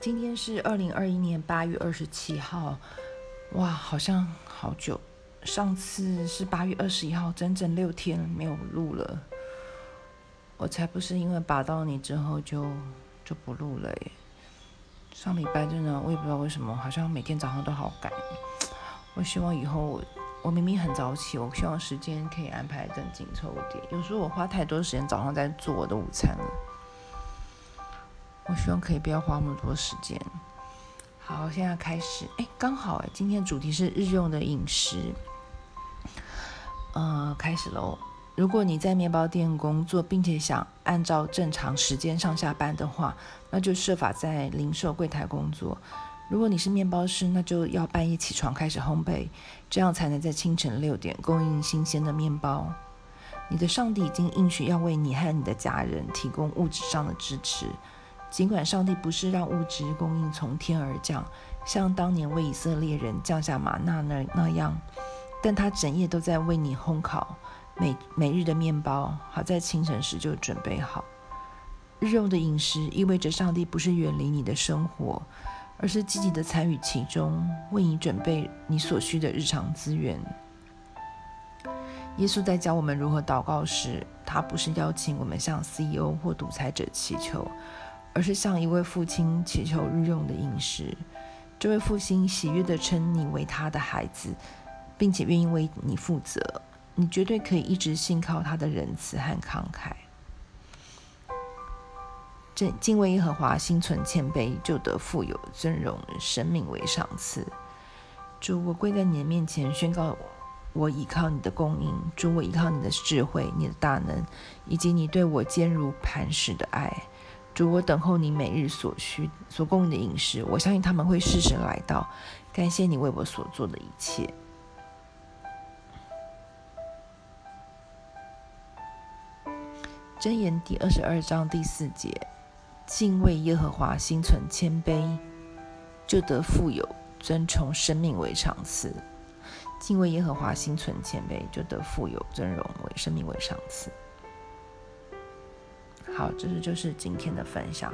今天是二零二一年八月二十七號，哇，好像好久，上次是八月二十一號，整整六天沒有錄了。我才不是因為拔到你之後就就不錄了耶。上禮拜真的，我也不知道為什麼，好像每天早上都好趕。我希望以後我我明明很早起，我希望時間可以安排更緊湊一點。有時候我花太多時間早上在做我的午餐了。我希望可以不要花那麼多時間。好，現在開始。哎，剛好誒，今天的主題是日用的飲食。呃，開始嘍。如果你在麵包店工作，並且想按照正常時間上下班的話，那就設法在零售櫃檯工作。如果你是麵包師，那就要半夜起床開始烘焙，這樣才能在清晨六點供應新鮮的麵包。你的上帝已經應許要為你和你的家人提供物質上的支持。儘管上帝不是讓物質供應從天而降，像當年為以色列人降下嗎哪那那樣，但他整夜都在為你烘烤每每日的麵包，好在清晨時就準備好。日用的飲食意味着上帝不是遠離你的生活，而是積極地參與其中，為你準備你所需的日常資源。耶穌在教我們如何禱告時，他不是邀請我們向 CEO 或獨裁者祈求，而是向一位父親祈求日用的飲食。這位父親喜悅地稱你為他的孩子，並且願意為你負責。你絕對可以一直信靠他的仁慈和慷慨。敬敬畏耶和華，心存謙卑，就得富有尊榮，生命為賞賜。主，我跪在你的面前，宣告我依靠你的供應。主，我依靠你的智慧、你的大能，以及你對我堅如磐石的愛。如我等候你每日所需所供你的飲食，我相信他們會適時來到。感謝你為我所做的一切。箴言第二十二章第四節：敬畏耶和華，心存謙卑，就得富有；尊崇生命為賞賜。敬畏耶和華，心存謙卑，就得富有；尊榮為生命為賞賜。好，這是就是今天的分享。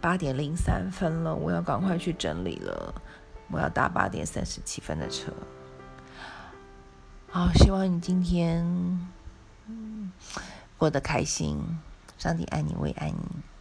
八點零三分了，我要趕快去整理了，我要搭八點三十七分的車。好，希望你今天過得開心，上帝愛你，我也愛你。